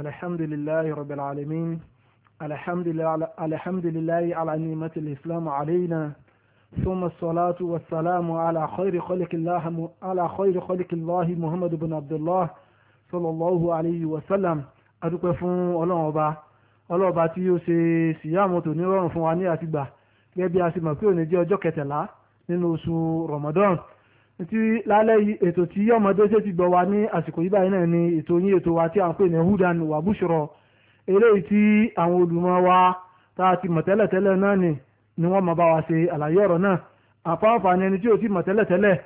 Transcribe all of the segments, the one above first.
الحمد لله رب العالمين الحمد لله الحمد لله على نعمة الإسلام علينا ثم الصلاة والسلام على خير خلق الله على خير خلق الله محمد بن عبد الله صلى الله عليه وسلم adúpẹ́ fún ọlọ́run ọba ọlọ́run ọba tí ó ṣe síyàmù tòní rọrùn fún wa ní àtìgbà gẹ́gẹ́ bí a ṣe mọ̀ pé òní jẹ́ ọjọ́ kẹtàlá nínú oṣù Ramadan ti lálẹ́ ètò tí ọmọdé ṣe ti gbọ́ wa ní àsìkò yìí báyìí náà ni ètò yín ètò wa tí à ń pè ní hudan wa bushro eléyìí tí àwọn olùmọ̀ wa tá a ti mọ̀ tẹ́lẹ̀tẹ́lẹ̀ náà ni ni wọ́n máa bá wa ṣe àlàyé ọ̀rọ̀ náà àfáàfáà ni ẹni tí ò ti mọ̀ tẹ́lẹ̀tẹ́lẹ̀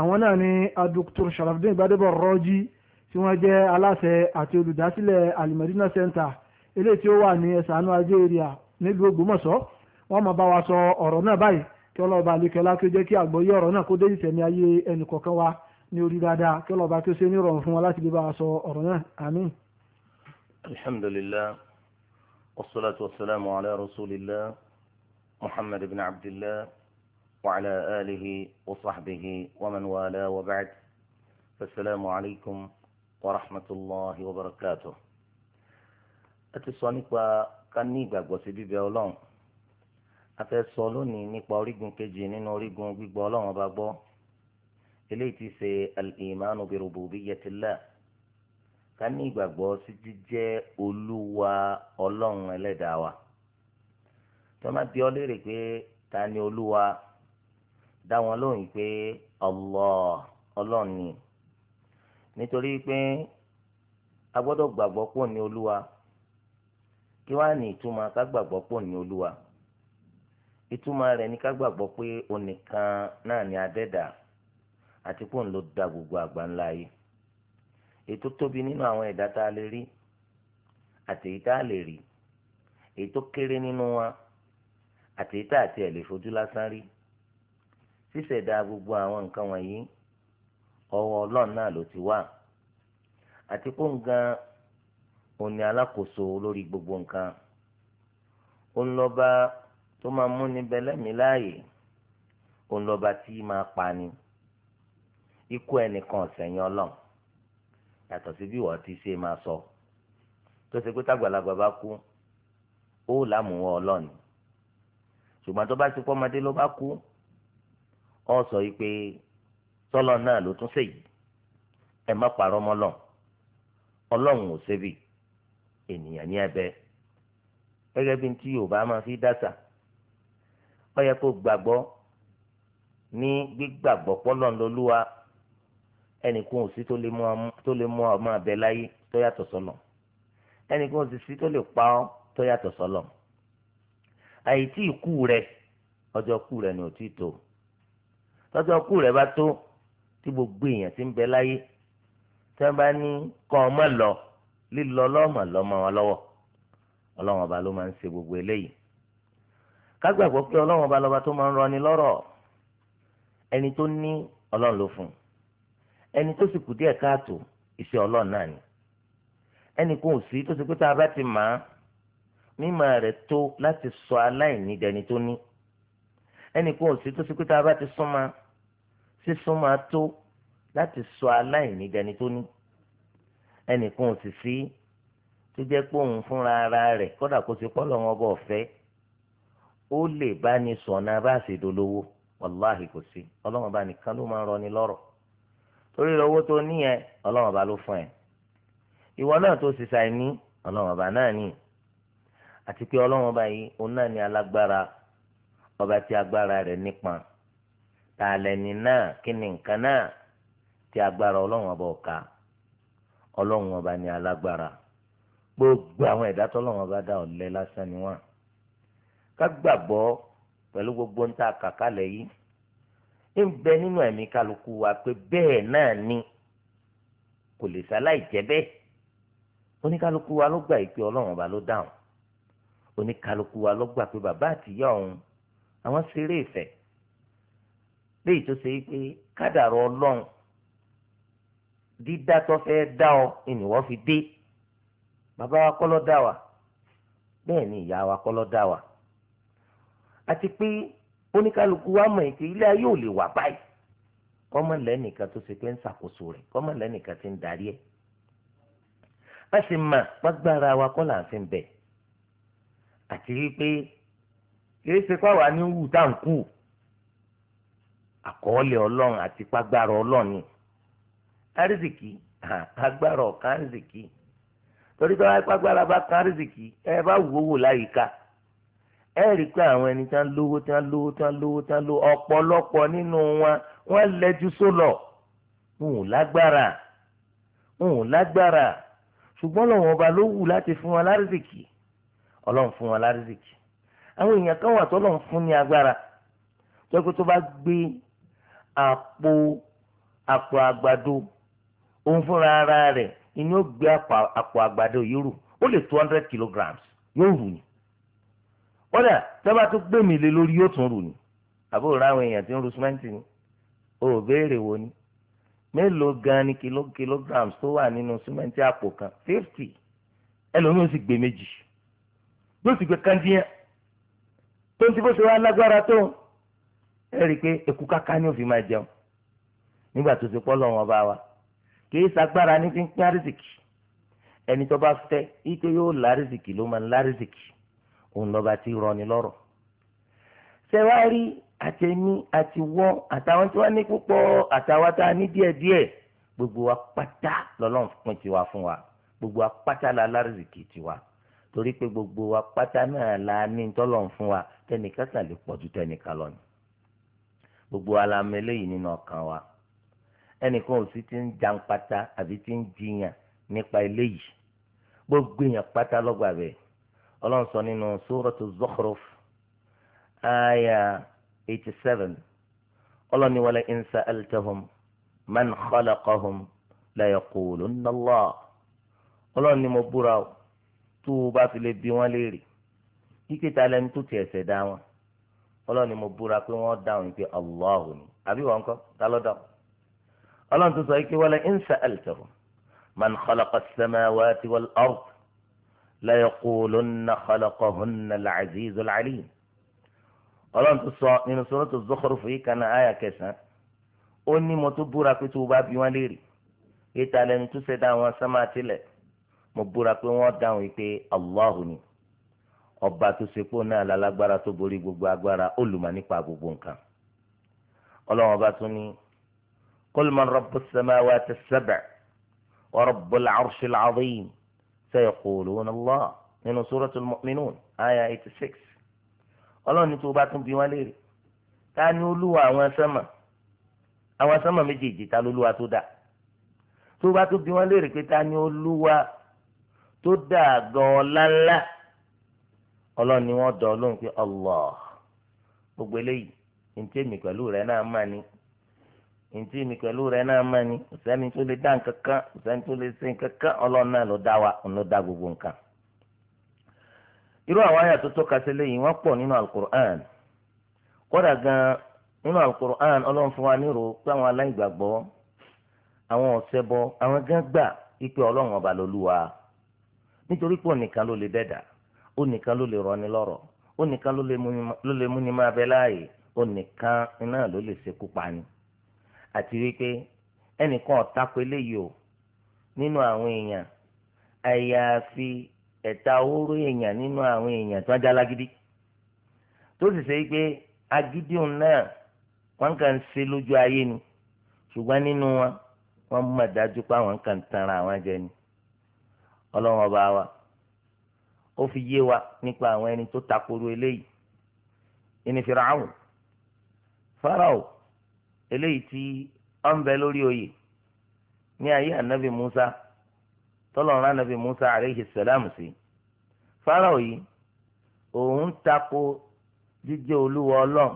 àwọn náà ni adoktor sharafdin gbadebo rọ́jí tí wọ́n jẹ́ aláṣẹ àti olùdásílẹ̀ alimadina center eléyìí tí ó wà ní ẹ̀sánú ajé area nílùú ògbómọ̀ṣọ́ wọ́n kí ọlọ́ọ̀bá alekẹ́lá kí ó jẹ́ kí àgbọ́yé ọ̀rọ̀ náà kó dé ìsẹ̀mí ayé ẹnì kọ̀ọ̀kan wa ní orí dáadáa kí ọlọ́ọ̀bá kí ó ṣe ní ìrọ̀rùn fún wa láti lè bá a sọ ọ̀rọ̀ náà àmín. alhamdulilah wasalaatu wasalaamu ala rasulillah muhammad ibn abdillah wa ala alihi wa sahbihi wa man wala wa ba'd fasalaamu alaykum wa rahmatulahi wa barakatuh. a ti sọ nípa ká ní ìgbàgbọ́ sí bíbẹ ọlọ́run a fẹ́ sọ lónìí nípa orígun kejì nínú orígun gbígbọ́ ọlọ́run ọba gbọ́ eléyìí ti ṣe al-imanu bi rububiyyatillah ká ní ìgbàgbọ́ sí jíjẹ́ olúwa ọlọ́run ẹlẹ́dàá wa tó má bí ọ léèrè pé ta ni olúwa dá wọn lóhùn pé Allah ọlọ́run ni nítorí pé a gbọ́dọ̀ gbàgbọ́ pò ní olúwa kí wàá ní ìtumọ̀ ká gbàgbọ́ pò ní olúwa. ìtumọ̀ rẹ̀ ní ká gbàgbọ́ pé onìkan náà ni adẹ́dà àti pò ń lo da gbogbo àgbà ńlá yìí ètò tóbi nínú àwọn ẹ̀dá tá a lè rí àti èyí tá a lè rí èyí tó kéré nínú wa àti èyí tá a tiẹ̀ lè fojú lásán rí ṣíṣẹ̀dá gbogbo àwọn nǹkan wọ̀nyí ọwọ́ ọlọ́run náà ló ti wà àti pò ń gan òní alákòóso lórí gbogbo nǹkan ó ń lọ́ bá. tó máa mú ní bẹlẹ́mìí láàyè òun lọ́ba tí máa pa ni ikú ẹnìkan ọ̀sẹ̀yìn ọlọ́run yàtọ̀ sí bí wọ́n ti ṣe máa sọ tó ṣe pé tágbàlagbà bá kú ó làmúwọ́ ọlọ́ọ̀ni ṣùgbọ́n tó bá ti pọ́ ọmọdé ló bá kú ọ sọ yìí pé sọ́lọ́ náà ló tún ṣèyí ẹ má parọ́ mọ́ lọ́n ọlọ́run ò ṣebí ènìyàn ní ẹ̀bẹ̀ gẹ́gẹ́ bí tí yorùbá máa fi dáṣà ó yẹ kó gbàgbọ́ ní gbígbàgbọ́ pọ́lọ́n lolúwa ẹnìkan ò sí tó lè mú ọmọ abẹ láyé tó yàtọ̀ sọ́lọ̀ ẹnìkan ò sì sí tó lè pa ọ́ tó yàtọ̀ sọ́lọ̀ àìtí ikú rẹ ọjọ́ kú rẹ ni ò tí tó tọ́jọ́ kú rẹ bá tó tí gbogbo èèyàn ti ń bẹ láyé tí wọ́n bá ní kọ́ ọmọ lọ lílọ lọ́mọ lọ́mọ wọn lọ́wọ́ ọlọ́wọ́n ọba ló máa ń ṣe gbogbo eléyìí ká gbàgbọ́ pé ọlọ́run ọba lọ́ba tó máa ń rọni lọ́rọ̀ ẹni tó ní ọlọ́run ló fún ẹni tó sì kù díẹ̀ káàtó iṣẹ́ ọlọ́run náà ni ẹnì kan ò sí tó ti pé tá a bá ti mà á mímọ̀ rẹ̀ tó láti sọ aláìní dẹni tó ní ẹnì kan ò sí tó ti pé tá a bá ti súnmọ́ sísúnmọ́ tó láti sọ aláìní dẹni tó ní ẹnì kan sì sí tó jẹ́ pé òun fúnra ara rẹ̀ kódà kó ti pọ́ lọ́wọ́ ọba ọ̀fẹ́ ó lè bá ní sọ̀nà bá ṣe dolówó wàláhì kò sí ọlọ́run bá nìkan ló máa ń rọni lọ́rọ̀ torí owó tó ní yẹn ọlọ́run bá ló fún ẹ ìwọ náà tó sì ṣàì ní ọlọ́run bá náà ní àti pé ọlọ́run bá yìí òun náà ní alágbára ọba tí agbára rẹ̀ nípa ta lẹni náà kí ni nǹkan náà tí agbára ọlọ́run ọba ọ̀ka ọlọ́run ọba ní alágbára gbogbo àwọn ẹ̀dá tọ́lọ́run ọba dá ọ̀lẹ́ lásán ni wọ́n ká gbàgbọ́ pẹ̀lú gbogbo ń ta kàkálẹ̀ yìí ń bẹ nínú ẹ̀mí kálukú wa pé bẹ́ẹ̀ náà ni kò lè ṣaláì jẹ́ bẹ́ẹ̀ oníkálukú wa ló gbà yìí ọlọ́run ọba ló dáhùn oníkálukú wa ló gbà pé bàbá àtìyá òun àwọn ṣeré ìfẹ́ léyìí tó ṣe pé kádàrọ̀ ọlọ́run dídá tó fẹ́ dá ọ ìnìwọ́ fi dé bàbá wa kọ́ ló dá wa bẹ́ẹ̀ ni ìyá wa kọ́ ló dá wa àti pé oníkálukú wa mọ̀ ètò ilé ayé ò lè wà báyìí kọ́mọ lẹ́nìkan tó ṣe pé ń ṣàkóso rẹ̀ kọ́mọ lẹ́nìkan ti ń darí ẹ̀ a sì mà gbàgbára wa kọ́ là ń fi bẹ̀ àti wípé kìí ṣe pàwọ́ ní wù tá àkọọ́lẹ̀ ọlọ́run àti pàgbára ọlọ́run ni àrísìkì agbára ọ̀kan àrísìkì torí pé pàgbára bá kan àrísìkì ẹ bá wò láyìíká ẹ rí i pé àwọn ẹni tí wọ́n lówó tí wọ́n lówó tí wọ́n lówó tí wọ́n lówó ọ̀pọ̀lọpọ̀ nínú wọn wọ́n lẹ́jú sólọ̀ wọn ò lágbára wọn ò lágbára ṣùgbọ́n lọ́wọ́ ọba ló wù láti fún wọn lárìsìkì ọlọ́run fún wọn lárìsìkì àwọn èèyàn kan wà tó lọ́run fún ní agbára jẹ́kú tó bá gbé àpò àpò àgbàdo òun fúnra ara rẹ̀ ni yóò gbé àpò àgbàdo yìí rù ó lè two hundred kilograms yóò rù ní kódà tẹ́bà tó gbé mi lé lórí yóò tún rù ni àbúrò ráwọn èèyàn tí ń ru símẹ́ǹtì ni o ò béèrè wo ni mélòó gan ni kilograms tó wà nínú símẹ́ǹtì àpò kan fifty ẹlòmíì ó sì gbé méjì yóò sì gbé kandíyàn tó ń ti bó ṣe wá lágbára tó ẹ rí i pé èkú káká ni ó fi máa jẹun nígbà tó ti pọ́ lọ́wọ́n bá wa kì í sagbára ní ti ń pín àrísìkì ẹni tó bá fẹ́ ike yóò lárísìkì ló máa ń lárísìkì òun lọ́ba tí rọni lọ́rọ̀ sẹ́wárí àtẹ̀mí àtiwọ́ àtàwọn tí wọ́n ní púpọ̀ àtàwọn tá a ní díẹ̀díẹ̀ gbogbo wa pátá lọ́lọ́run pín tiwa fún wa gbogbo wa pátá la lárìsìkì tiwa torí pé gbogbo wa pátá náà la ní tọ́lọ́run fún wa tẹnìkan kan lè pọ̀ tẹnìkan lọ ni gbogbo wa la mẹ́lẹ́ yìí nínú ọkàn wa ẹnìkan ò sì ti ń jan pátá àbí ti ń jiyàn nípa eléyìí gbogbo èèyàn pátá lọ́gbà ọlọ́run sọ nínú suratu Zukhruf aya eighty seven ọlọ́run ní wala in sa'altahum man khalaqahum la yaqulunna Allah ọlọ́run ní mo búra o tó o bá fi lè bí wọ́n léèrè kíkẹ́ ta lẹ́nu tó tiẹ̀ ṣẹ̀dá wọn ọlọ́run ní mo búra pé wọ́n dáhùn yìí pé Allahu ni àbí wọn kọ́ ta ló dáhùn ọlọ́run tó sọ yìí pé wala in sa'altahum man khalaqa as-samawati wal-ard. ليقولن خلقهن العزيز العليم ọlọ́run tó sọ nínú sọ́rọ́ tó zọ́kọ̀rọ̀ fún yìí kan náà àyà kẹsàn-án ó ní mo tó búra pé tó o bá bí wọn léèrè ìta lẹni tó ṣẹ̀dá àwọn sánmà tilẹ̀ mo búra pé wọ́n dáhùn yìí pé allahu ni ọba tó ṣe náà lálágbára tó borí gbogbo agbára olùmọ̀ nípa gbogbo nǹkan ọlọ́run ọba tún ní qul man rabbus samawati as-sab'i wa سيقولون الله من سورة المؤمنون آية 86. ألا ọlọ́run ní tó bá tún bí wọ́n léèrè ta ni olúwa àwọn sánmà àwọn sánmà méjèèjì ta lolúwa tó dà tó bá tún bí wọ́n léèrè pé ta ni olúwa tó dà gan ọ̀lànlá ọlọ́run ni wọ́n dọ̀ ọ́ lóhùn pé Allah gbogbo eléyìí ní tèmi pẹ̀lú rẹ̀ náà mà ní ntí mi pẹ̀lú rẹ̀ náà mọ̀ ni kò sẹ́ni tó lè dá nǹkan kan sẹ́ni tó lè gbogbo nǹkan. irú àwọn àyà tó tọ́ka sí wọ́n pọ̀ nínú alukur'an kódà gan nínú alukur'an ọlọ́run fún wa nírò pé àwọn aláìgbàgbọ́ àwọn ọ̀sẹ̀bọ àwọn gan gbà ipe ọlọ́run ọba lolúwa nítorí pé ònìkan ló lè dẹ́dà ònìkan ló lè rọni lọ́rọ̀ ònìkan ló lè múni máa àti wípé ẹnìkan ọ̀tako eléyìí o nínú àwọn èèyàn àyàfi ẹ̀ta oró èèyàn nínú àwọn èèyàn tó ń tó sì ṣe pé agídí òun náà wọ́n kàn ń ṣe lójú ayé ni ṣùgbọ́n nínú wọn wọ́n mọ̀ dájú pé àwọn kàn tanra àwọn ni ọlọ́run ọba fi yé wa nípa àwọn ẹni tó eléyìí eléyìí tí ó ń bẹ lórí oyè ní ayé anabi musa tọ́lọ́run anabi musa aleyhi salam sí fáráò yìí òun tako jíjẹ́ olúwa ọlọ́run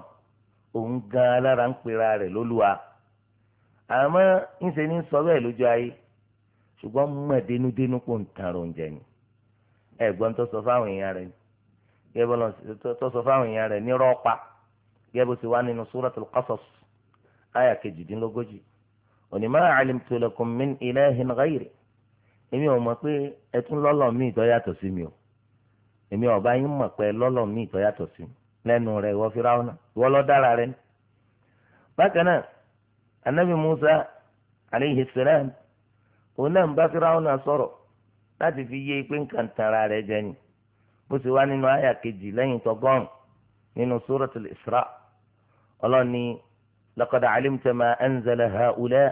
òun gan alára ń pera rẹ̀ lólúwa àmọ́ ńṣe ní sọ bẹ́ẹ̀ lójú ayé ṣùgbọ́n mọ̀dénúdénú kò ń tan oúnjẹ ni ẹ̀gbọ́n tó sọ fáwọn èèyàn rẹ̀ ni gẹ́gẹ́ bó tó sọ fáwọn èèyàn rẹ̀ ní rọ́ọ̀pá gẹ́gẹ́ bó ti wá nínú Suratul Qasas. àyà kejìdínlógójì òní ma alimtu lakum min ilahin Emi èmi ò mọ̀ pé lọ́lọ́ mi ìtọ́ yàtọ̀ sí mi o èmi ọ̀bá yín mọ̀ pé lọ́lọ́ mi ìtọ́ yàtọ̀ sí mi lẹ́nu rẹ̀ ìwọ Fíráúnà ìwọ ló dára rẹ̀ anabi Musa aleyhi salam òun náà ń bá sọ̀rọ̀ láti fi yé pé nǹkan tara rẹ̀ jẹ ni wá nínú àyà kejì lẹ́yìn لقد علمت ما أنزل هؤلاء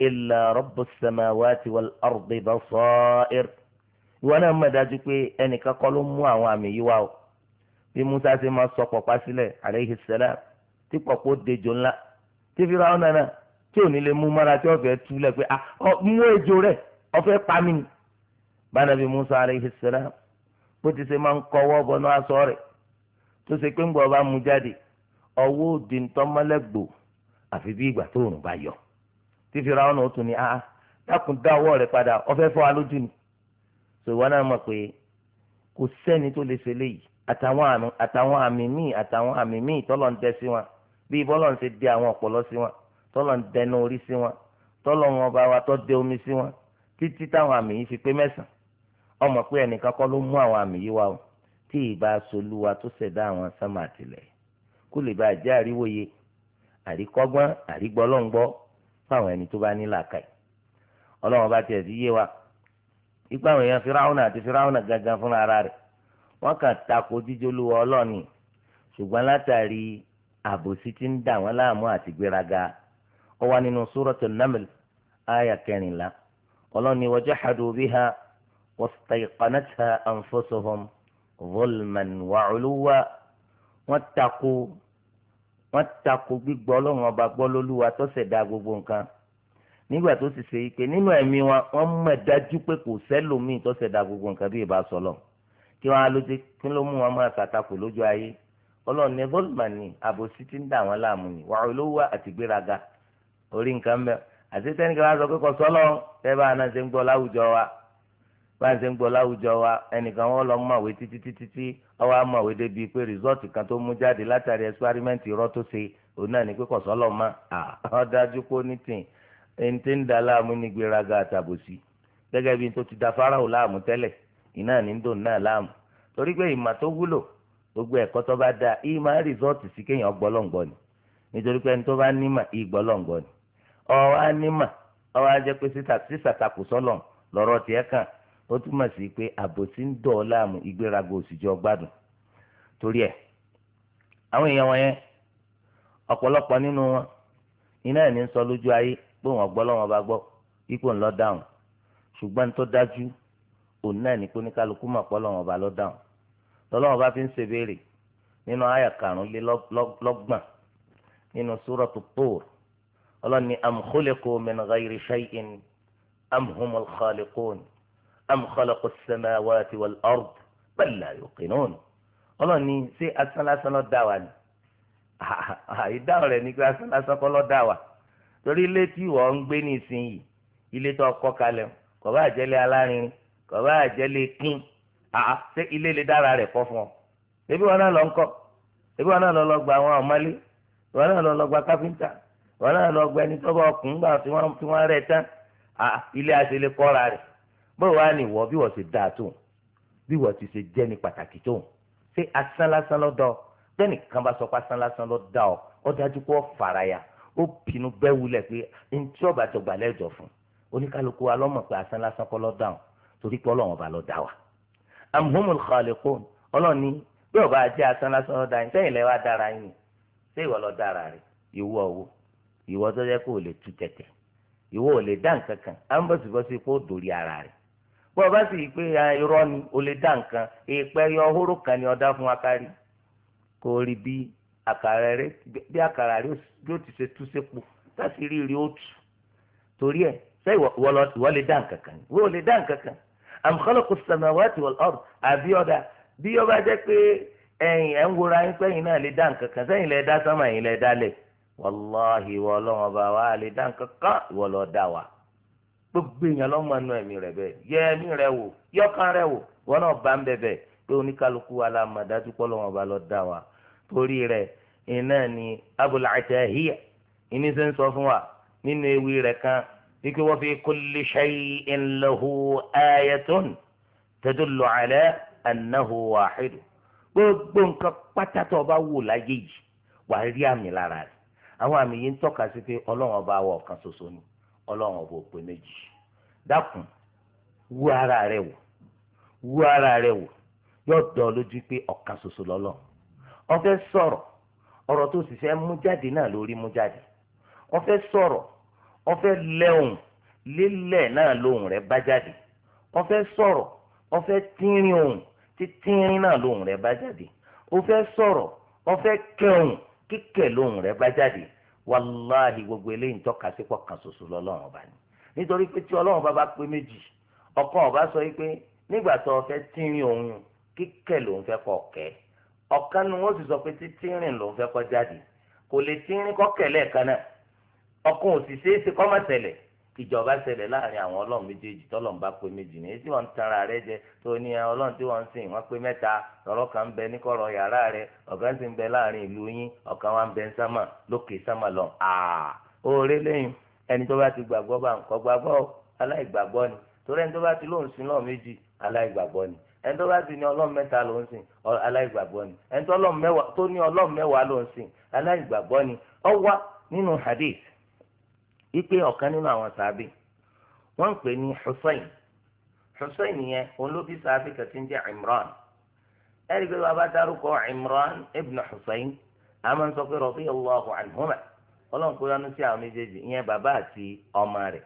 إلا رب السماوات والأرض بصائر وانا ما dájú pé ẹnìkan kọ́ ló mú àwọn àmì yìí wá o bí Musa ṣe máa sọ pọ̀pá sílẹ̀ aleyhi salam tí pọ̀pọ̀ dejo ńlá tí fi ra ọ̀nà náà tí ò ní lè mú mọ́ra tí ọ̀fẹ́ túlẹ̀ pé mú ejò rẹ̀ ọ̀fẹ́ pa mí Musa aleyhi salam bó ti ṣe máa ń kọ́wọ́ bọ́nú aṣọ rẹ̀ tó ṣe pé ń gbọ́ ọba mú jáde ọwọ́ òdi ntọ́mọ́lẹ́gbò àfi bí ìgbà tó òrùn bá yọ tí fi ra ọ̀nà ó tún ah dákun dá ọwọ́ rẹ padà ọfẹ́ fọ́ wa ni sọ ìwọ náà mọ̀ pé kò sẹ́ni tó lè ṣe léyìí àtàwọn àmì míì àtàwọn àmì míì tọ́lọ̀ ń dẹ sí wọn bí bọ́lọ̀ ń ṣe dẹ àwọn ọ̀pọ̀lọ́ sí wọn tọ́lọ̀ ń dẹnu orí sí wọn tọ́lọ̀ wọn bá wa tọ́ dẹ omi sí wọn títí táwọn àmì yìí fi pé mẹ́sàn-án ọmọ pé ẹnìkan kọ́ ló mú àwọn àmì yìí wá o tí ìbá kó lè bá a jẹ́ àríwòye àríkọ́gbọ́n àrígbọ́lọ́ngbọ́ fáwọn ẹni tó bá ní làákàyè ọlọ́run bá tiẹ̀ sí yé wa ipa àwọn èèyàn firawuna àti firawuna gangan fúnra ara rẹ̀ wọ́n kàn takò jíjolúwa ọlọ́ọ̀ni ṣùgbọ́n látàrí àbòsí tí ń dà wọ́n láàmú àti gbéraga ó wà nínú suratul naml aya kẹrìnlá ọlọ́ọ̀ni wajahadu biha wastayqanatha anfusuhum zulman wa uluwa. wọ́n tako wọ́n tako gbígbọ́ ọlọ́run ọba gbọ́ lólúwa tó ṣẹ̀dá gbogbo nǹkan nígbà tó sì ṣe ike nínú ẹ̀mí wọn wọ́n mọ̀ dájú pé kò sẹ́lòmíì tó ṣẹ̀dá gbogbo nǹkan bí ìbá sọlọ kí wọ́n á ló ti kí ló mú wọn máa ṣàtakò lójú ayé ọlọ́run ní goldman àbòsí ti ń dà wọ́n láàmú ni wàá olówó àti gbéraga orí nǹkan mẹ́ àti sẹ́nìkan wá sọ pé kò sọ́lọ́ tẹ́ bá a náà ṣe ń gbọ́ láwùjọ wa bá ń ṣe ń gbọ́ láwùjọ wa ẹnìkan wọn lọ mọ̀wé títí títí tí ọwọ́ á mọ̀wé débi pé rìsọ́ọ̀tì kan tó mú jáde látàrí ẹsipárímẹ́ǹtì irọ́ tó ṣe òun náà ní pé ọ dájú pé ó ní tìǹ ẹni tí ń da láàmú ní gbéraga gẹ́gẹ́ bí tó ti da fáráhù láàmú tẹ́lẹ̀ iná ní ń dòun náà gbogbo ẹ̀kọ́ tó bá ó túmọ̀ sí pé àbòsí ń dọ̀ ọ́ láàmú ìgbéraga òsìjọ́ gbádùn torí ẹ̀ àwọn èèyàn wọn yẹn ọ̀pọ̀lọpọ̀ nínú wọn iná ẹ̀ ní sọ lójú ayé pé wọ́n gbọ́ lọ́wọ́ bá gbọ́ ipò ńlọ dáhùn ṣùgbọ́n ní tó dájú òun náà ní pé oníkálukú mọ̀ pọ́ lọ́wọ́ bá lọ́ dáhùn lọ́wọ́ bá fi ń ṣèbéèrè nínú àyà karùnlélọ́gbọ̀n nínú súrọ̀tù Tur ọlọ́ni am khuliqu min ghayri shay'in am khalaqa as-samawati wal-ard bal la yuqinun ọlọ́run ní ṣé asán lásán ló dá wa ni ìdáhùn rẹ̀ ní pé asán lásán kọ́ ló dá wa torí ilé tí ìwọ ń gbé nísìnyìí ilé tó kọ́ kalẹ̀ kò bá jẹ́ ilé alárinrin kò bá jẹ́ ilé kín àá ṣé ilé lè dára rẹ̀ kọ́ fún ọ ebi wọn náà lọ ń kọ́ ebi wọn náà lọ lọ gba àwọn ọmọlé wọn náà lọ lọ gba káfíńtà wọn náà lọ gba ẹni tó bá ọkùnrin gbà tí wọn rẹ̀ tán àá ilé àṣẹlẹ kọ́ra rẹ̀ bọ́ọ̀ wá ní ìwọ bí wọ́n ṣe dáa tó bí wọ́n ti ṣe jẹ́ ní pàtàkì tó ṣé asán lásán lọ́dọ̀ bẹ́ẹ̀ nìkan bá sọ pé asán lásán ló dá ọ ọ dájú pé ọ faraya ó pinnu bẹ́ẹ̀ wulẹ̀ pé ntí ọba tó gbà lẹ́jọ́ fún oníkálukú wa lọ́mọ̀ pé asán lásán kọ́ ló dá ọ torí pé ọlọ́run ọba ló dá wa. amhumul khaliqun ọlọ́run ní bí ọba jẹ́ asán lásán ló dá yín sẹ́yìn lẹ́wà dára yín ṣé ìwọ ló dára rẹ̀ ìwọ wo ìwọ tó yẹ kó o lè tu tẹ̀tẹ̀ ìwọ ò lè dá nǹkan kan á kó o dòrí ara rẹ̀ bó o bá sì yí pé irọ́ ni o lè dá nǹkan èèpẹ̀ yọ hóró kan ni ọ̀dá fún akari kò rí bí àkàrà rẹ bí àkàrà rẹ yóò ti ṣe tú sépò láti rí rí ó tù torí ẹ ṣé ìwọ lè dá nǹkan kan ìwọ ò lè dá nǹkan kan am khalaqa as-samawati wal-ard àbí ọ̀dà bí ọba jẹ́ pé ẹ̀yin ẹ̀ ń wora yín pẹ́yìn náà lè dá nǹkan kan sẹ́yìn lè dá sánmà yín lè dá lẹ̀ wàláhì ìwọ ọlọ́run ọba wa lè dá nǹkan kan ìwọ lọ́ọ́ dá wa gbogbo èèyàn lọ́mọ ẹnu ẹ̀mí rẹ̀ bẹ́ẹ̀ yẹ ẹ̀mí rẹ̀ wò yọkàn rẹ̀ wò wọn náà bá ń bẹ̀ bẹ́ẹ̀ pé oníkálukú wa la mọ̀ dájú pọ́ lọ́wọ́n ba lọ dá wa torí rẹ̀ iná ni Abul Atahiya ìní sẹ́ ń sọ fún wa nínú ewì rẹ̀ kan wípé wa fi kulli shay'in lahu ayatun tadullu ala annahu wahid gbogbo nǹkan pátátó ọba wò láyé yìí wàá rí àmì lára rẹ̀ àwọn àmì yìí ń tọ́ka sí pé ọlọ́run ọba wa ọ̀kan ṣoṣo ni ọlọ́run ọba ò pé méjì. dákun wú ara rẹ wò wú ara rẹ wò yóò lójú pé ọ̀kan ṣoṣo lọ́lọ́ ọ fẹ́ ọrọ tó sì fẹ́ mú jáde náà lórí mú jáde ọfẹ fẹ́ sọ̀rọ̀ ọ fẹ́ náà lóhùn rẹ bá jáde ọfẹ fẹ́ sọ̀rọ̀ tínrín ohùn náà lóhùn rẹ bá jáde kẹhùn lóhùn rẹ bá jáde gbogbo nítorí pé tí ọlọ́run bá bá pé méjì ọkàn ọba sọ yìí pé nígbà tó o fẹ́ tínrín òun kíkẹ́ lòun fẹ́ kọ́ kẹ́ ọ̀kan ni sì sọ pé lòun jáde kò lè tínrín kọ́kẹ́ lẹ́ẹ̀kan náà ọkàn ò sì ṣeéṣe kọ́ má ṣẹlẹ̀ ìjọba ṣẹlẹ̀ láàrin àwọn ọlọ́run méjèèjì tọ́lọ́run bá pé méjì ní tí wọ́n rẹ jẹ tó ní ọlọ́run tí wọ́n ń sìn wọ́n kan bẹ ní rẹ ọ̀gá bẹ láàrin ìlú yín ọ̀kan wa bẹ ń ẹni tó bá ti gbàgbọ́ bá nǹkan gbàgbọ́ aláìgbàgbọ́ ni torí ẹni tó bá ti lóun sin lọ́ọ̀ méjì aláìgbàgbọ́ ni ẹni tó bá ti ní ọlọ́run mẹ́ta ló ń sìn aláìgbàgbọ́ ni ẹni tó ní ọlọ́run mẹ́wàá ló ń sìn aláìgbàgbọ́ ni ó wà nínú hadith wípé ọ̀kan nínú àwọn sàábì wọ́n ń pè ní Hussein Hussein yẹn òun ló bí sàábì kan ń jẹ́ Imran ẹ̀rí pé bàbá dárúkọ Imran ibn Hussein àmọ́ ń sọ pé ọlọ́run kó yánú sí àwọn méjèèjì ìyẹn bàbá àti ọmọ rẹ̀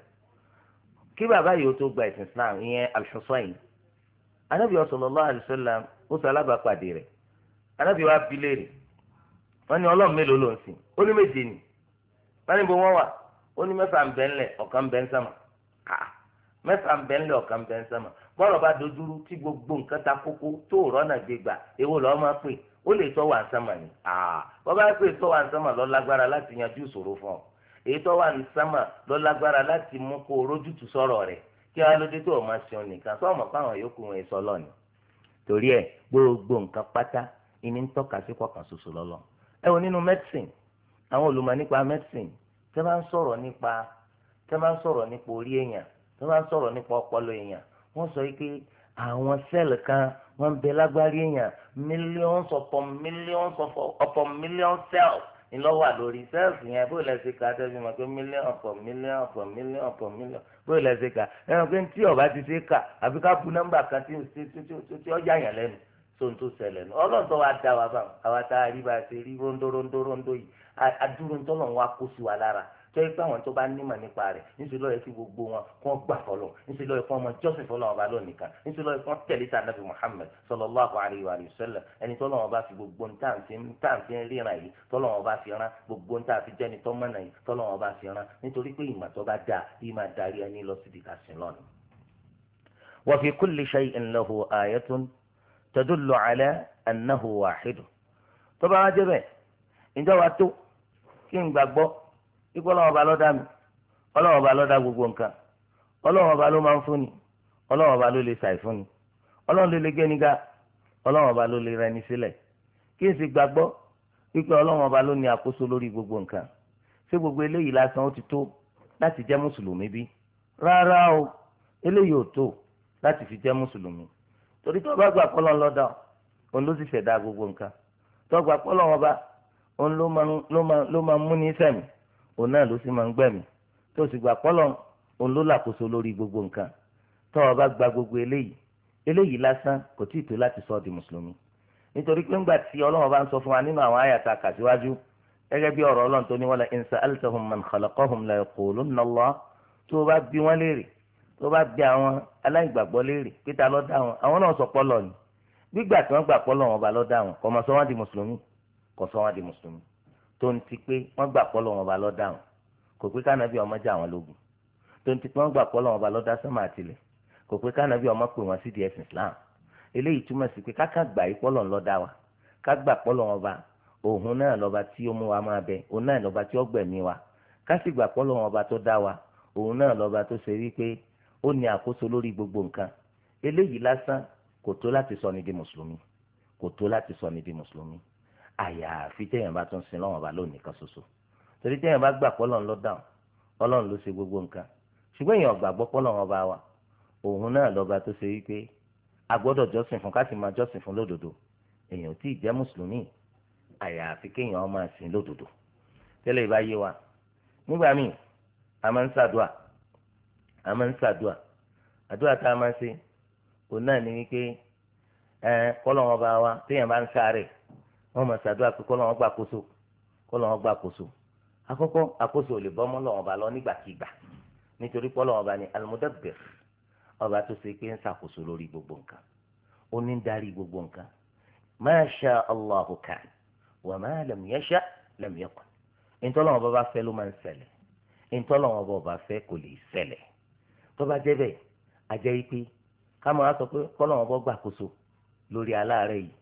kí bàbá yìí ó tó gba ìsìn Islam ìyẹn Al-Husayn anábì sallallahu alaihi wasallam ó sọ alábàápàdé rẹ̀ anábì wa bi léèrè wọ́n ní ọlọ́run mélòó ló ń sìn ó ní méje ni wọ́n ní bó wọ́n wà ó ní mẹ́fà ń ọ̀kan bẹ ń mẹ́fà ń ọ̀kan bẹ ń bọ́ọ̀rọ̀ bá dojúrú tí gbogbo nǹkan ta kókó tó rọ́nà gbégbà èwo lọ́ọ́ máa pè ó lè tọ́ wà ń sánmà ni wọ́n bá pè tọ́ wà ń sánmà lọ lágbára láti yanjú ìṣòro fún ọ èyí tọ́ wà ń sánmà lọ lágbára láti mú kó rójútùú sọ̀rọ̀ rẹ̀ kí wọ́n á lóde tó o máa ṣeun nìkan sọ ọmọ fáwọn yòókù wọn èso lọ́ni torí ẹ gbogbo nǹkan pátá ìní ń tọ́ka sí kọ̀ọ̀kan ṣoṣo lọ́lọ́ ẹ wo nínú medicine àwọn olùmọ̀ nípa medicine tẹ́ bá ń sọ̀rọ̀ nípa tẹ́ bá ń sọ̀rọ̀ nípa orí èèyàn tẹ́ bá ń sọ̀rọ̀ nípa ọpọlọ èèyàn wọ́n ń bẹ lágbárí èèyàn millions upon millions upon millions cells ńlọ́wà lórí cells yẹn bóyá lẹ́sẹ̀ ká tẹ́sí ma pé million upon million upon million upon million bóyá lẹ́sẹ̀ ká ẹ̀rọ pé tí ọba ti ṣe kà àfi ká bu nọ́mbà kan tí ó yà yàn lẹ́nu tonto ṣẹlẹ̀ nù ọlọ́dọ̀ wa da wa bá wa ta rí ba ṣe rí rondórondórondó yìí adúrúntọ́lọ́ wa kó sí wa lára tẹ́ pé àwọn tó bá nímọ̀ nípa rẹ̀ níṣẹ́ lọ́yẹ kí gbogbo wọn kó gbà fọlọ́ níṣẹ́ lọ́yẹ kó ọmọ jọ́sìn fọlọ́ ọba lónìí kan níṣẹ́ lọ́yẹ kó tẹ̀lé ta nàbì Muhammad sallallahu alayhi wa sallam ẹni tó lọ́wọ́ bá fi gbogbo ntàǹfin ríran yìí tó lọ́wọ́ bá fi ran gbogbo ntàǹfin jẹ́ni tó mọ̀nà yìí tó lọ́wọ́ bá fi ran nítorí pé ìmọ̀ tó bá dáa yìí máa darí ẹni lọ síbi kàṣin lọ́nà. wa fi kulli shay'in lahu ayatun ikú ọlọ́run ọba ló dá mi ọlọ́run ọba ló dá gbogbo nǹkan ọlọ́run ọba ló máa ń fún ni ọlọ́run ọba ló lè ṣàì fún ni ọlọ́run ló lè gé nígá ọlọ́run ọba ló lè rẹni sílẹ̀ kí n sì gbàgbọ́ wípé ọlọ́run ọba ló ní àkóso lórí gbogbo nǹkan ṣé gbogbo eléyìí lásán ó ti tó láti jẹ́ mùsùlùmí bí rárá o eléyìí ò tó láti fi jẹ́ mùsùlùmí torí tó bá gbà pọ́lọ́n lọ́dà òun ló sì ṣẹ̀dá gbogbo nǹkan tó gbà pọ́lọ́n ọba òun ló máa mú ní sẹ́mi òun náà ló sì máa ń gbẹ̀mí tó sì gbà pọ́lọ̀ òun ló làkóso lórí gbogbo nǹkan tó o bá gba gbogbo eléyìí eléyìí lásán kò tí ì tó láti sọ ọ́ di mùsùlùmí nítorí pé ńgbà tí ọlọ́run bá ń sọ fún wa nínú àwọn àyàtà kàṣíwájú gẹ́gẹ́ bí ọ̀rọ̀ ọlọ́run tó ní wala in sa'altahum man khalaqahum la yaqulunna Allah tó o bá bí wọ́n léèrè tó o bá bí àwọn aláìgbàgbọ́ léèrè pé ta dá wọn àwọn náà sọ pọ́lọ̀ ni gbígbà tí wọ́n gbà pọ́lọ̀ wọn bá ló dá wọn kò mọ̀ sọ wọ́n di mùsùlùmí kò sọ wọ́n di mùsùlùmí tó ń ti pé wọ́n gbà pọ́ lọ́wọ́n ọba lọ́dà wọn kò pé kánábì ọmọ jà wọn lógun tó ń ti pé wọ́n gbà pọ́ lọ́wọ́n ọba lọ́dà sọ́mà àtìlẹ̀ kò pé kánábì ọmọ pè wọ́n sí di ẹ̀sìn Islam eléyìí túmọ̀ sí pé káká gbà yí pọ́lọ̀ lọ́dà wa ká gbà pọ́lọ̀ wọn ọba òun náà lọ́ba tí ó mú wa máa bẹ òun náà lọ́ba tí ó gbẹ̀mí wa ká sì gbà pọ́lọ̀ wọn ọba tó dá wa òun náà lọ́ba tó ṣe wípé ó ní àkóso lórí gbogbo nǹkan eléyìí lásán kò tó láti sọ ni di mùsùlùmí kò tó láti sọ ni di mùsùlùmí àyàfi téèyàn bá tún sin lọ́wọ́n ọba lónìí kan ṣoṣo torí téèyàn bá gbà pé ọlọ́run ló dáhùn ọlọ́run ló ṣe gbogbo nǹkan ṣùgbọ́n èèyàn gbàgbọ́ pé ọlọ́run ọba wa òun náà lọ́ba tó ṣe wípé a gbọ́dọ̀ jọ́sìn fún ká sì máa jọ́sìn fún lódodo èèyàn tí ì jẹ́ mùsùlùmí àyàfi kéèyàn máa sìn lódodo tẹ́lẹ̀ ìbá yé wa nígbà míì a máa ń ṣàdúà a máa ń ṣàdúà àdúrà tá a máa ṣe òun náà ní wípé ẹ kọ́lọ́run ọba wa téèyàn bá ń sáré wọ́n máa ṣàdúrà pé kọ́ lọ́wọ́ gbà kóso kọ́ lọ́wọ́ gbà kóso àkọ́kọ́ àkóso ò lè bọ́ mọ́lọ́wọ́n ba lọ nígbàkigbà nítorí pọ́lọ́wọ́n ba ni al-mudabbir ọba tó ṣe pé ń ṣàkóso lórí gbogbo nǹkan ó ní ń darí gbogbo nǹkan ma sha Allahu kan wa ma lam yasha lam yakun ìtọ́lọ́wọ́n bá bá fẹ́ ló máa ń ṣẹlẹ̀ ìtọ́lọ́wọ́n bá bá fẹ́ kò lè ṣẹlẹ̀ tó bá jẹ́ bẹ́ẹ̀ àjẹ́ yìí pé ká máa sọ pé kọ́lọ́wọ́n bá gbàkóso lórí aláàárẹ̀ yìí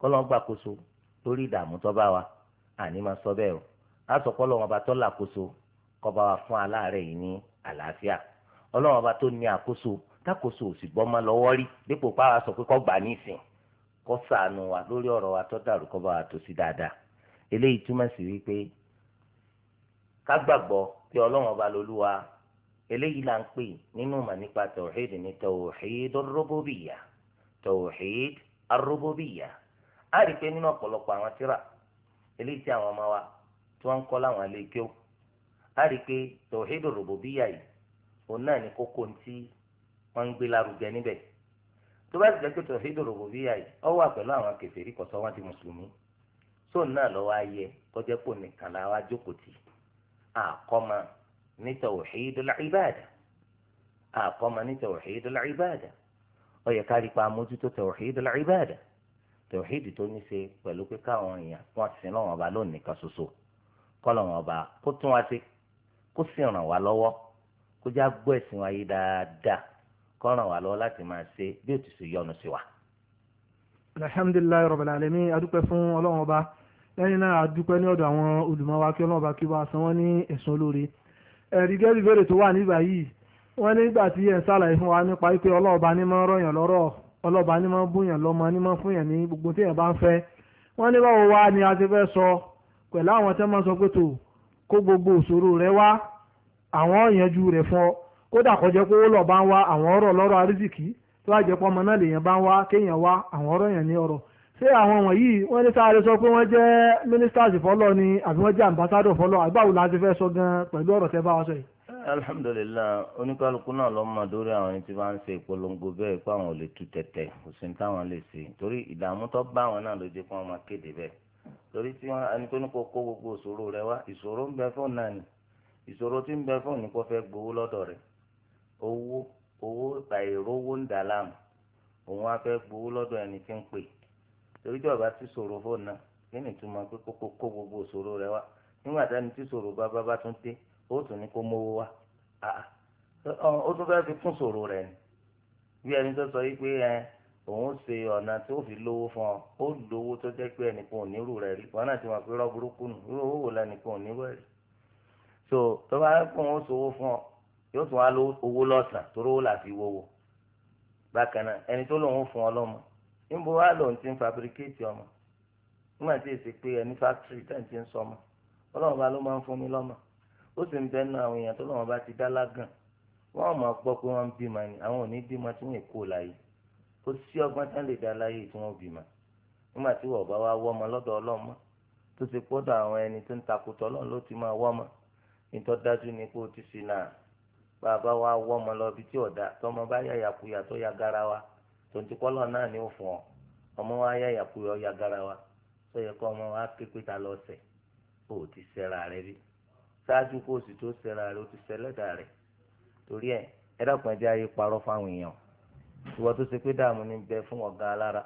kọ́lọ́wọ́n gbàkóso lórí ìdààmú tó bá wa àní sọ bẹ́ẹ̀ o á sọ pé tó fún aláàárẹ̀ yìí ní àlàáfíà ọlọ́run ọba tó ní àkóso tákóso ò sì lọ́wọ́ rí dípò pa sọ pé kọ́ gbà ní ìsìn lórí ọ̀rọ̀ wa tó dàrú bá eléyìí túmọ̀ sí wípé ká gbàgbọ́ pé bá lolúwa eléyìí a rí i pé nínú ọ̀pọ̀lọpọ̀ àwọn tíra eléyìí tí àwọn ọmọ wa tí wọ́n ń kọ́ láwọn alẹ́ rí i pé tòhídò rògbòbíyà yìí òun náà ní kókó tí wọ́n ń gbé lárugẹ níbẹ̀ tó bá jẹ́ pé tòhídò rògbòbíyà yìí ó wà pẹ̀lú àwọn wọn ti mùsùlùmí la wá àkọ́mọ làìbáàdà àkọ́mọ tẹ̀wéèdì tó ní ṣe pẹ̀lú pé káwọn èèyàn wọn sin lọ́wọ́n ọba lónìí kan ṣoṣo kọ́ lọ́wọ́n ọba kó tún wá sí kó sì ràn wá lọ́wọ́ kó já gbọ́ ẹ̀sìn wáyé dáadáa kọ́ ràn wá lọ́wọ́ láti máa ṣe bí ó ti ṣe yọ́nú sí wa. alhamdulilayi rabbil alamin adúpẹ́ fún ọlọ́wọ́n ọba lẹ́yìn náà adúpẹ́ ní ọ̀dọ̀ àwọn olùmọ̀ wa kí ọlọ́wọ́n ọba kí wọ́n san wọ́n ní ẹ̀sùn olóore ẹ̀rí gẹ́gẹ́ bí tó wà nígbà yìí wọ́n nígbà tí ẹ̀ ń sàlàyé fún wa nípa pé ọlọ́wọ́n ọba ní mọ́ rọ̀yàn lọ́rọ̀ ọlọ́ba ní máa ń búyàn lọ́mọ ní máa ń fúnyàn ní gbogbo téèyàn bá ń fẹ́ wọ́n ní báwo wá ni a ti fẹ́ sọ pẹ̀lú àwọn tẹ́ máa sọ pé tó kó gbogbo òṣòro rẹ wá àwọn yanjú rẹ̀ fún ọ kódà kó jẹ́ pé owó lọ́ọ̀ bá ń wá àwọn ọ̀rọ̀ lọ́rọ̀ àrísìkí tó wá jẹ́ pé ọmọ náà lèèyàn bá ń wá kéèyàn wá àwọn ọ̀rọ̀ yẹn ní ọ̀rọ̀ ṣé àwọn wọ̀nyí wọ́n ní sáré sọ pé wọ́n jẹ́ ministers fọ́lọ́ ni àbí wọ́n jẹ́ ambassador fọ́lọ́ àbí báwo la ti fẹ́ sọ gan pẹ̀lú ọ̀rọ̀ tẹ́ bá wa sọ yìí alhamdulilayi oníkálukú náà ló mọ̀ dórí àwọn ẹni tí wọ́n ń ṣe ìpolongo bẹ́ẹ̀ pé àwọn ò lè tu tẹ̀tẹ̀ kò sí táwọn lè ṣe torí ìdààmú tó bá àwọn náà ló jẹ́ kí wọ́n máa kéde bẹ́ẹ̀ torí tí wọ́n ẹni tó ní kó kó gbogbo ìṣòro rẹ̀ wá ìṣòro ń bẹ fóun náà ni ìṣòro tí ń bẹ fóun ni kò fẹ́ gbowó lọ́dọ̀ rẹ̀ owó owó ìró owó ń dà láàmú òun á fẹ́ gbowó lọ́dọ̀ ẹni tí ń pè torí tí ọba ti ṣòro fóun náà kí ni pé kó kó gbogbo ìṣòro ó tún ní kó mówó wá ah, ah, ó tún fẹ́ẹ́ fi kún sòrò rẹ̀ ni bí ẹni tó sọ yìí ẹ òun ṣe ọ̀nà tí ó fi lówó fún ọ ó lówó tó jẹ́ pé ẹnìkan ò nírú rẹ̀ rí wọn náà ti wà pé rọ́bùrúkú nù irú owó wò lẹ́nìkan ò nírú ẹ̀ rí so tó bá yẹ kó òun ṣòwò fún ọ yóò tún wá owó lọ́sàn-án torí owó làfi wọ́wọ́ bákan náà ẹni tó lòun fún ọ lọ́mọ níbo wá lòun ti ń fabricate ọmọ nígbà tí èsì pé ẹni factory tẹ̀ ń ti ń sọmọ ọlọ́run bá ló máa ń fún mi lọ́mọ ó sì ń bẹ́nu àwọn èèyàn tó lọ́wọ́ bá ti dá lágàn wọ́n máa gbọ́ pé wọ́n ń bímọ ni àwọn ò ní bímọ tí wọ́n kó láyé kò sí ọgbọ́n tí wọ́n lè dá láyé tí wọ́n bímọ nígbà tí wọ́n bá wá lọ́dọ̀ ọlọ́mọ tó ti pọ́dọ̀ àwọn ẹni tó ń takùtọ̀ ti máa dájú ni pé ó ti sin náà bá a bá wá wọ́ lọ bí tí ọ̀dà tọmọ bá ya gara wa tó ń ti kọ́ náà ní òfin ọ ya gara wa tó yẹ ṣáájú kó o sì tó ṣẹra rẹ o ti ṣẹlẹ́dà rẹ torí ẹ ẹ dákun ẹjẹ ayé parọ́ fáwọn èèyàn ìwọ tó ṣe pé dààmú ní bẹ fún ọ̀gá alára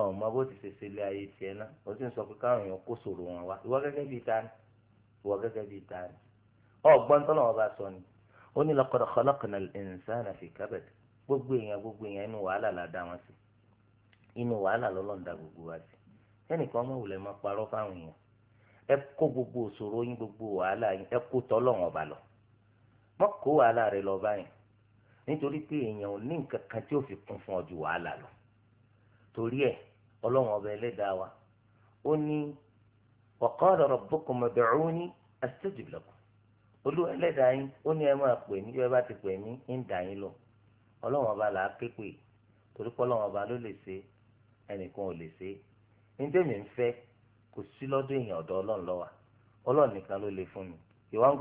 ọ̀hún mọ bó ti ṣe ṣẹlẹ̀ ayé tiẹ̀ náà o sì ń sọ pé káwọn èèyàn kó sòrò wọn wá ìwọ gẹ́gẹ́ bíi ta ni ìwọ gẹ́gẹ́ bíi ta ni ọ̀gbọ́n tọ́lọ̀ wọn bá sọ ni ó ní laqad ẹ kó gbogbo òṣòro yín gbogbo wàhálà yín ẹ kó tọ́lọ́run ọba lọ mọ́ kó wàhálà rẹ lọ báyìí nítorí pé èèyàn ò ní nǹkan kan tí ó fi kún fún ọ ju wàhálà lọ torí ẹ ọlọ́run ọba ẹlẹ́dàá wa ó ní wa qala rabbukum ud'uni astajib lakum olúwa ẹlẹ́dàá yín ó ní ẹ máa pè mí bí ẹ bá ti pè mí ń dà yín lọ ọlọ́run ọba là á ké pè torí pé ọlọ́run ọba ló lè ṣe ẹnìkan ò lè ṣe ní kò sí lọ́dọ̀ èèyàn ọ̀dọ̀ ọlọ́run ló wà ọlọ́run nìkan ló le fún mi ìwọ ń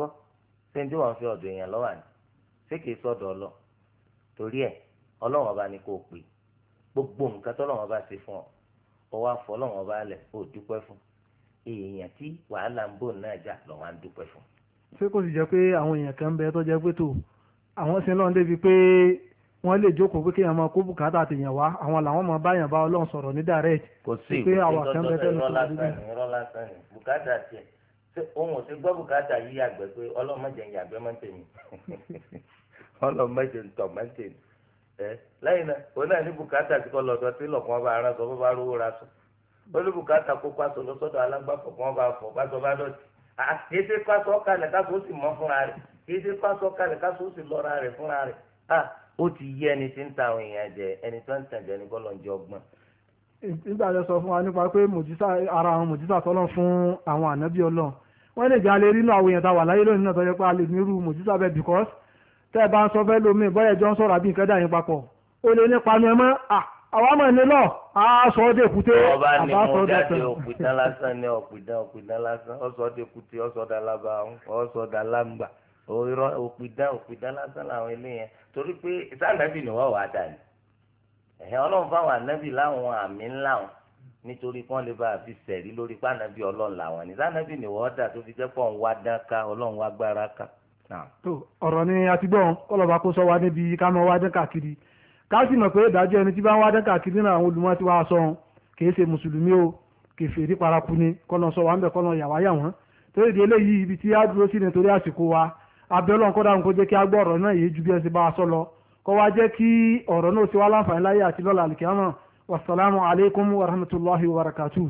ṣé ní tí wọ́n fi ọ̀dọ̀ èèyàn ló ni ṣé torí ẹ̀ ọlọ́run ọba ni kò pè gbogbo nǹkan tọ́lọ́run ọba ṣe fún ọ ọwọ́ afọ ọlọ́run ọba alẹ̀ ó fún èèyàn tí wàhálà ń bò náà á dúpẹ́ fún. ṣé kò sì jẹ́ pé àwọn kan bẹ tó jẹ́ pé tó àwọn débi pé wọ́n lè jókòó pé kéèyàn máa kó bùkátà ti yàn wá àwọn làwọn máa bá bá ọlọ́run sọ̀rọ̀ ní direct. kò sí pé àwọn kan bẹ fẹ́ lọ́sọ̀rọ̀ níbẹ̀. lásán bùkátà tiẹ̀ ṣé òun ò gbọ́ bùkátà pé má ń yàgbẹ́ má má ń tọ̀ lẹ́yìn náà òun náà ní bùkátà lọ́dọ̀ tí lọ́kàn bá ara sọ bá rówó ra ó ti yé ẹni tí ń ta àwọn èèyàn jẹ ẹni tó ń tàn jẹ ní bọ́lọ̀ ń jẹ ọgbọ́n. nígbà tó sọ fún wa nípa pé mòjísà ara àwọn mòjísà tọ́lọ̀ fún àwọn ànábì ọlọ́run wọ́n lè jẹ́ alẹ́ rínú àwọn èèyàn tá wà láyé lónìí náà tó yẹ pé a lè nírú mòjísà bẹ́ẹ̀ because tẹ́ ẹ bá ń sọ fẹ́ lómi bọ́yẹ̀ jọ ń sọ̀rọ̀ àbí nǹkan dà yín papọ̀ ó lè nípa nu ẹ mọ́ à àwa mọ̀ ní lọ aṣọ ọdẹ èkúté àbáṣọ ọdẹ tán. ọba ni mo jáde òpìdán lásán ní òpìdán òpìdán lásán ọsọ ọdẹ èkúté ọsọ ọdẹ alábàá ọsọ ọdẹ aláǹgbà òrọ òpìdá òpìdá lásán làwọn eléyẹn torí pé sànàbì ni wọn wà á dà ní ẹ̀hẹ́n ọlọ́run fáwọn ànábì láwọn àmì ńlá wọn nítorí kí lè bá àfi sẹ̀rí lórí pànàbì ọlọ́run làwọn ní sànàbì ni wọ́n dà tó fi jẹ́ pọ̀ ń wá dáká ọlọ́run wá gbára ká. tó ọ̀rọ̀ ni a ti gbọ́n kọ́lọ́ba kó sọ wa níbi ká mọ wá dán káàkiri ká sì mọ̀ pé ìdájọ́ ẹni tí bá ń wá dán káàkiri náà àwọn olùmọ̀ ti wá sọ ọ́n kì wa ń bẹ̀ kọ́lọ́ yàwá yà wọ́n torí ìdí eléyìí ibi tí á dúró sí ni torí àsìkò wa abẹ́ọ́lọ́n kó dáhùn kó jẹ́ kí a gbọ́ ọ̀rọ̀ náà yìí ju bí ẹ ti bá a sọ lọ kó wá jẹ́ kí ọ̀rọ̀ náà ti wá láǹfààní láyé àti lọ́la àlìkíyàmọ̀ wasalaamu alaykum wa rahmatulahi wa barakatuh.